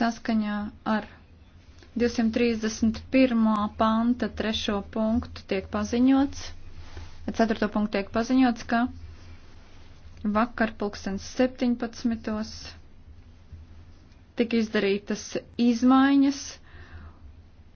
saskaņā ar 231. panta trešo punktu tiek paziņots, ceturto punktu tiek paziņots, ka vakar pulkstens 17. tika izdarītas izmaiņas